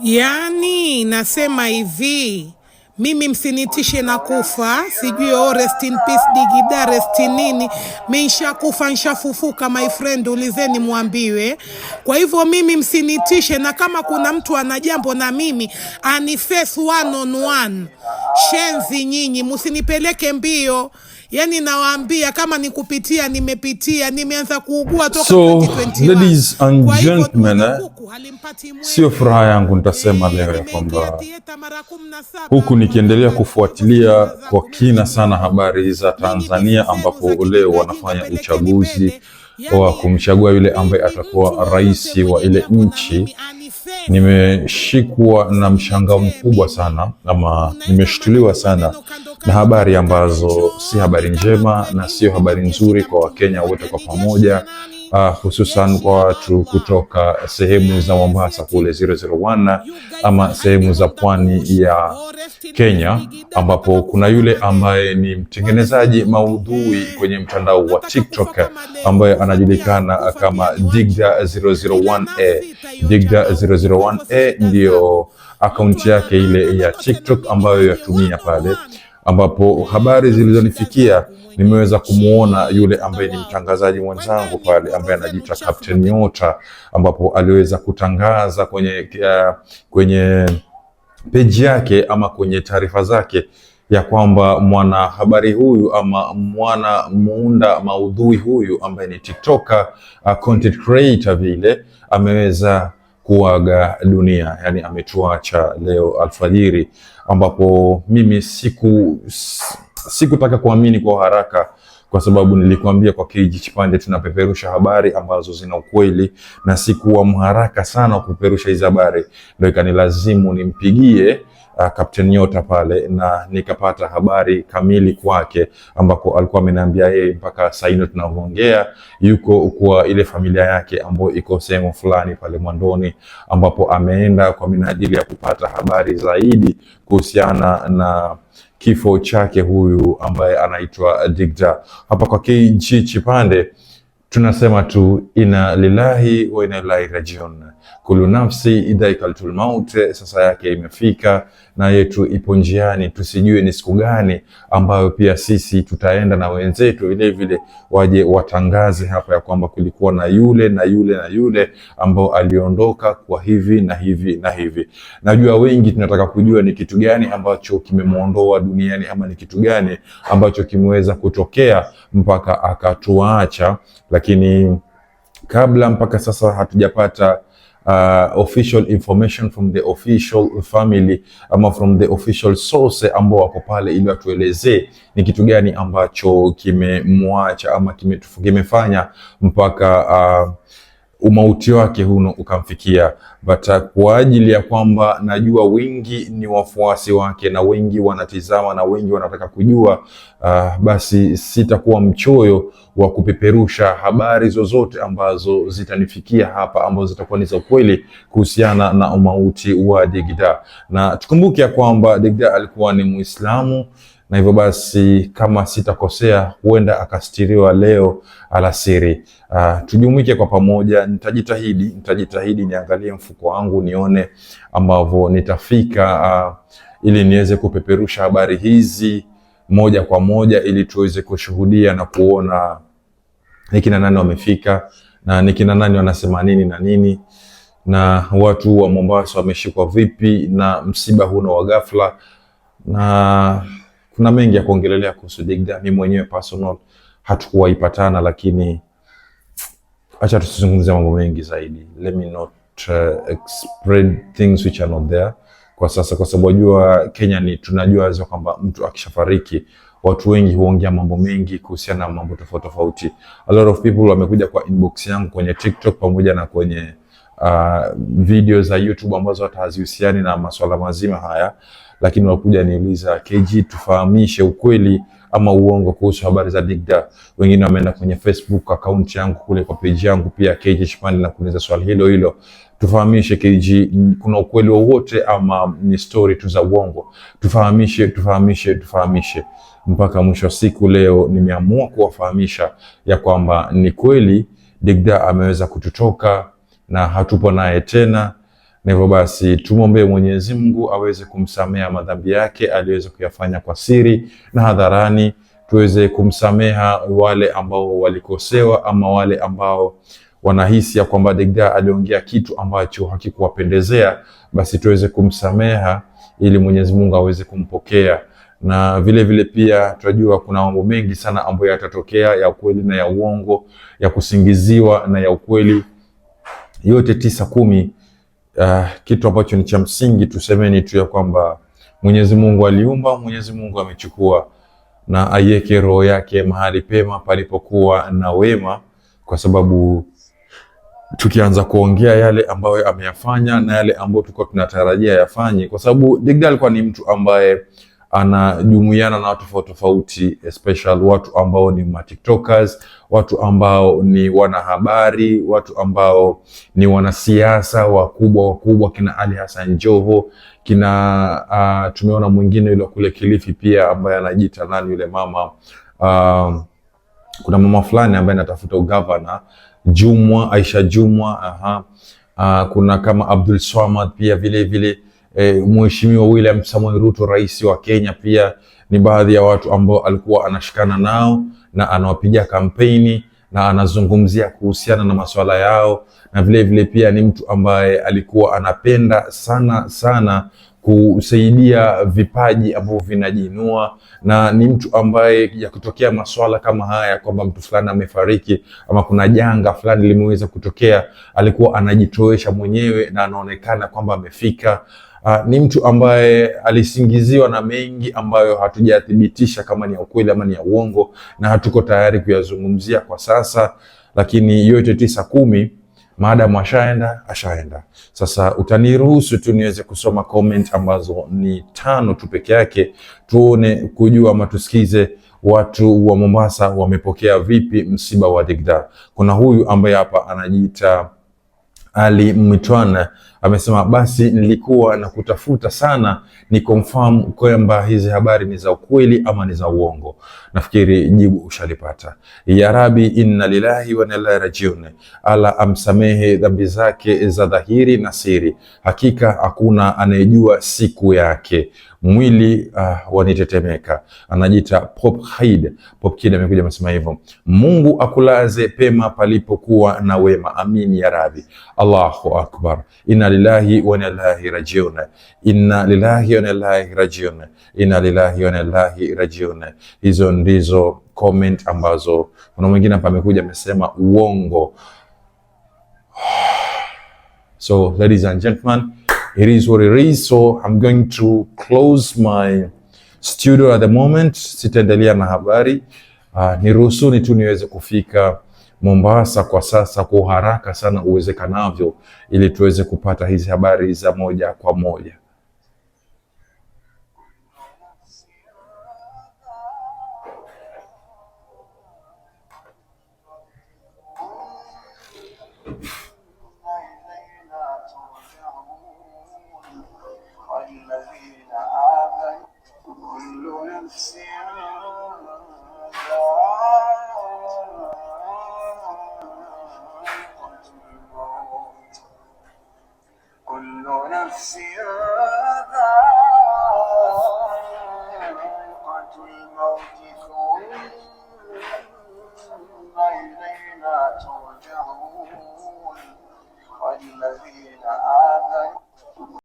Yaani nasema hivi, mimi msinitishe na kufa, sijui oh, rest in peace Digida, rest nini. Mi kufa nshafufuka, my friend, ulizeni mwambiwe. Kwa hivyo mimi msinitishe, na kama kuna mtu ana jambo na mimi ani one on one Shenzi nyinyi, msinipeleke mbio. Yani nawaambia kama nikupitia, nimepitia, nimeanza kuugua toka so, ladies and gentlemen, eh, sio furaha yangu nitasema eh, leo ya kwamba huku nikiendelea kufuatilia kwa kina sana habari za Tanzania ambapo leo wanafanya uchaguzi wa yaani, kumchagua yule ambaye atakuwa rais wa ile nchi. Nimeshikwa na mshangao mkubwa sana ama nimeshtuliwa sana na habari ambazo si habari njema na sio habari nzuri kwa Wakenya wote kwa pamoja, uh, hususan kwa watu kutoka sehemu za Mombasa kule 001 ama sehemu za pwani ya Kenya, ambapo kuna yule ambaye ni mtengenezaji maudhui kwenye mtandao wa TikTok ambaye anajulikana kama Digda 001A. Digda 001A ndiyo akaunti yake ile ya TikTok ambayo yatumia pale ambapo habari zilizonifikia nimeweza kumwona yule ambaye ni mtangazaji mwenzangu pale ambaye anajiita Captain Nyota, ambapo aliweza kutangaza kwenye, uh, kwenye peji yake ama kwenye taarifa zake ya kwamba mwanahabari huyu ama mwana muunda maudhui huyu ambaye ni TikToker, uh, content creator vile ameweza kuaga dunia, yani ametuacha leo alfajiri, ambapo mimi siku sikutaka kuamini kwa haraka kwa sababu nilikuambia kwa KG Chipande tunapeperusha habari ambazo zina ukweli na sikuwa mharaka sana wa kupeperusha hizi habari, ndio ikanilazimu nimpigie uh, Captain Nyota pale na nikapata habari kamili kwake, ambako alikuwa ameniambia yeye mpaka sasa hivi tunavyoongea yuko kwa ile familia yake ambayo iko sehemu fulani pale Mwandoni, ambapo ameenda kwa minajili ya kupata habari zaidi kuhusiana na kifo chake huyu ambaye anaitwa Digda. Hapa kwa KG Chipande tunasema tu ina lillahi wa ina ilaihi rajiun kulu nafsi idhaikatul maut, sasa yake imefika na yetu ipo njiani, tusijue ni siku gani ambayo pia sisi tutaenda na wenzetu vilevile waje watangaze hapa ya kwamba kulikuwa na yule na yule na yule ambao aliondoka kwa hivi na hivi na hivi. Najua wengi tunataka kujua ni kitu gani ambacho kimemwondoa duniani ama ni kitu gani ambacho kimeweza kutokea mpaka akatuacha, lakini kabla mpaka sasa hatujapata Uh, official information from the official family ama from the official source ambao wako pale ili watuelezee ni kitu gani ambacho kimemwacha ama kimefanya mpaka uh, umauti wake huno ukamfikia, but kwa ajili ya kwamba najua wengi ni wafuasi wake na wengi wanatizama na wengi wanataka kujua uh, basi sitakuwa mchoyo wa kupeperusha habari zozote ambazo zitanifikia hapa ambazo zitakuwa ni za ukweli kuhusiana na umauti wa Degida, na tukumbuke ya kwamba Degida alikuwa ni Muislamu na hivyo basi, kama sitakosea, huenda akastiriwa leo alasiri. Uh, tujumuike kwa pamoja. Nitajitahidi, nitajitahidi niangalie mfuko wangu nione ambavyo nitafika, uh, ili niweze kupeperusha habari hizi moja kwa moja, ili tuweze kushuhudia na kuona ni kina nani wamefika na ni kina nani wanasema nini na nini na watu wa Mombasa wameshikwa vipi na msiba huno wa ghafla na kuna mengi ya kuongelelea kuhusu Digda. Mimi mwenyewe personal hatukuwahi lakini acha tusizungumzie mambo mengi zaidi. Let me not uh, spread things which are not there kwa sasa, kwa sababu wajua Kenya ni tunajua hizo kwamba mtu akishafariki watu wengi huongea mambo mengi kuhusiana na mambo tofauti tofauti. A lot of people wamekuja kwa inbox yangu kwenye TikTok pamoja na kwenye uh, video za YouTube ambazo hatazihusiani na masuala mazima haya, lakini wakuja niuliza KG, tufahamishe ukweli ama uongo kuhusu habari za Digda. Wengine wameenda kwenye Facebook account yangu kule kwa page yangu pia KG Chipande na kuuliza swali hilo hilo, tufahamishe KG, kuna ukweli wowote ama ni story tu za uongo? Tufahamishe, tufahamishe, tufahamishe. Mpaka mwisho wa siku leo nimeamua kuwafahamisha ya kwamba ni kweli Digda ameweza kututoka na hatupo naye tena. Na hivyo basi tumwombee Mwenyezi Mungu aweze kumsameha madhambi yake aliweza kuyafanya kwa siri na hadharani, tuweze kumsameha wale ambao walikosewa ama wale ambao wanahisi ya kwamba Degda aliongea kitu ambacho hakikuwapendezea, basi tuweze kumsameha ili Mwenyezi Mungu aweze kumpokea. Na vile vile pia tunajua kuna mambo mengi sana ambayo yatatokea ya ukweli na ya uongo, ya kusingiziwa na ya ukweli yote tisa kumi, uh, kitu ambacho ni cha msingi tusemeni tu ya kwamba Mwenyezi Mungu aliumba, Mwenyezi Mungu amechukua, na aiweke roho yake mahali pema palipokuwa na wema, kwa sababu tukianza kuongea yale ambayo ameyafanya na yale ambayo tulikuwa tunatarajia yafanye, kwa sababu Digda alikuwa ni mtu ambaye anajumuiana na watu tofauti tofauti, especially watu ambao ni TikTokers, watu ambao ni wanahabari, watu ambao ni wanasiasa wakubwa wakubwa, kina Ali Hassan Joho, kina uh, tumeona mwingine yule kule Kilifi pia ambaye anajiita nani yule mama uh, kuna mama fulani ambaye anatafuta ugavana Jumwa Aisha Jumwa, aha. Uh, kuna kama Abdul Swamad pia vilevile vile e, Mheshimiwa William Samoei Ruto, rais wa Kenya, pia ni baadhi ya watu ambao alikuwa anashikana nao na anawapigia kampeni na anazungumzia kuhusiana na masuala yao, na vilevile vile pia ni mtu ambaye alikuwa anapenda sana sana kusaidia vipaji ambavyo vinajinua, na ni mtu ambaye ya kutokea maswala kama haya kwamba mtu fulani amefariki ama kuna janga fulani limeweza kutokea, alikuwa anajitoesha mwenyewe na anaonekana kwamba amefika. Uh, ni mtu ambaye alisingiziwa na mengi ambayo hatujathibitisha kama ni ya ukweli ama ni ya uongo, na hatuko tayari kuyazungumzia kwa sasa, lakini yote tisa kumi maadamu ashaenda ashaenda. Sasa utaniruhusu tu niweze kusoma comment ambazo ni tano tu peke yake, tuone kujua ama tusikize watu wa Mombasa wamepokea vipi msiba wa Digda. Kuna huyu ambaye hapa anajiita Ali Mwitwana amesema basi nilikuwa na kutafuta sana ni confirm kwamba hizi habari ni za ukweli ama ni za uongo. Nafikiri jibu ushalipata. Ya Rabbi, inna lillahi wa inna ilaihi rajiun. Ala amsamehe dhambi zake za dhahiri na siri, hakika hakuna anayejua siku yake. Mwili uh, wanitetemeka. Anajiita Pop Hide. Pop Kid amekuja amesema hivyo. Mungu akulaze pema palipokuwa na wema, amin ya Rabbi. Allahu akbar inna lillahi wa inna ilaihi rajiun, inna lillahi wa inna ilaihi rajiun, inna lillahi wa inna ilaihi rajiun. Hizo ndizo comment ambazo kuna mwingine hapa amekuja amesema uongo. So ladies and gentlemen, it is what it is. So I'm going to close my studio at the moment, sitaendelea na habari uh, ah, niruhusuni tu niweze kufika Mombasa kwa sasa kwa haraka sana uwezekanavyo, ili tuweze kupata hizi habari za moja kwa moja. نفسي ذائقة الموت ثم إلينا ترجعون والذين آمنوا